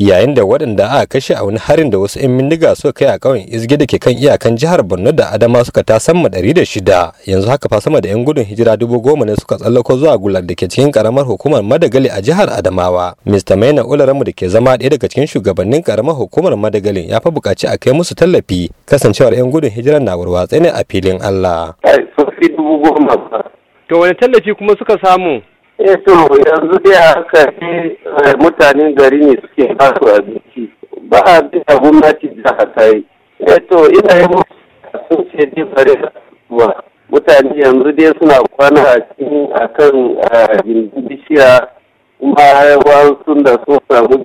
yayin da waɗanda aka kashe a wani harin da wasu 'yan bindiga suka kai a ƙauyen izge da ke kan iyakan jihar borno da adama suka ta sama ɗari da shida yanzu haka fa sama da 'yan gudun hijira dubu goma ne suka tsallako zuwa gular da ke cikin karamar hukumar madagali a jihar adamawa mr maina ularamu da ke zama ɗaya daga cikin shugabannin karamar hukumar madagalin ya fa buƙaci a kai musu tallafi kasancewar 'yan gudun hijira na warwatse ne a filin allah. to wani tallafi kuma suka samu to yanzu dai haka ne eh, mutanen gari ne suke ba su abinci ba a biya gwamnati da haka yi to ina yi sun ce dai bare ba mutane yanzu dai suna kwana a cikin akan jirgin eh, bishiya kuma sun da sun samu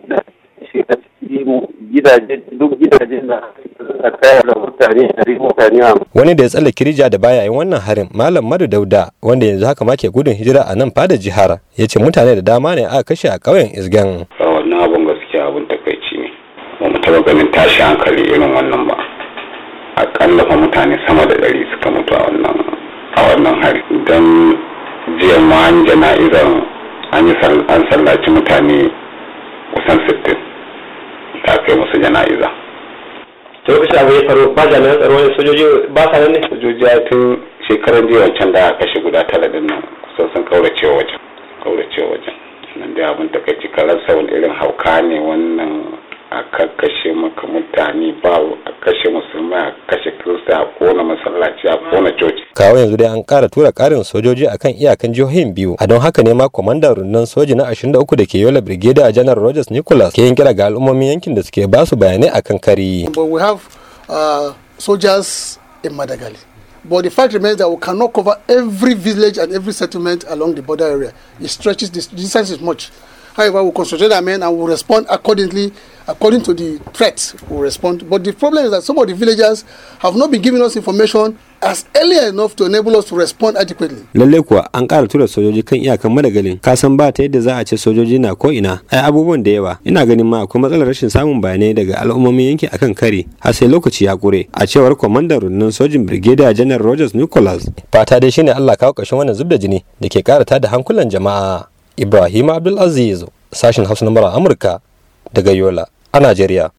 Wani da ya tsalla kirija da baya yin wannan harin Malam Madu Dauda wanda yanzu haka ma ke gudun hijira a nan fada jihar ya ce mutane da dama ne aka kashe a ƙauyen Isgan. Wannan abin gaskiya abin takaici ne. Ba mu taɓa ganin tashi hankali irin wannan ba. Aƙalla fa mutane sama da ɗari suka mutu a wannan a wannan hari. Don jiya ma an jana'izar an sallaci mutane kusan sittin. aka yi musu jana'iza ta lokacin abu ya faru ba jami'an tsaro ne sojoji ba sa nan ne sojoji a tun shekaran jiya wancan da aka kashe guda tara din nan kusan sun kaurace wajen kaurace wajen nan dai abin da takaici karansa wani irin hauka ne wannan a kashe maka mutane ba a kashe musulmai a kashe kona masallaci a kona coci. kawo yanzu dai an kara tura karin sojoji akan iyakan jihohin biyu a don haka ne ma kwamandan rundunar soji na 23 da ke yola a janar rogers nicholas ke yin kira ga al'ummomin yankin da suke ba su bayanai kan kari. but we have uh, soldiers in madagali. But the fact remains that we cannot cover every village and every settlement along the border area. It stretches, the distance is much. However, we concentrate our men and we respond accordingly according to the threats we respond. But the problem is that some of the villagers have not been giving us information as early enough to enable us to respond adequately. Lalle kuwa an ƙara tura sojoji kan iyakan madagalin kasan ba ta yadda za a ce sojoji na ko ina ai abubuwan da yawa ina ganin ma akwai matsalar rashin samun bayanai daga al'ummomin yankin akan kare har sai lokaci ya kure a cewar kwamandan rundunar sojin brigadier janar Rogers Nicholas. Fata dai shine Allah kawo ƙarshen wannan zub da jini da ke ƙara da hankulan jama'a. Ibrahim Abdulaziz sashen Hausa na Amurka daga Yola. Nigeria.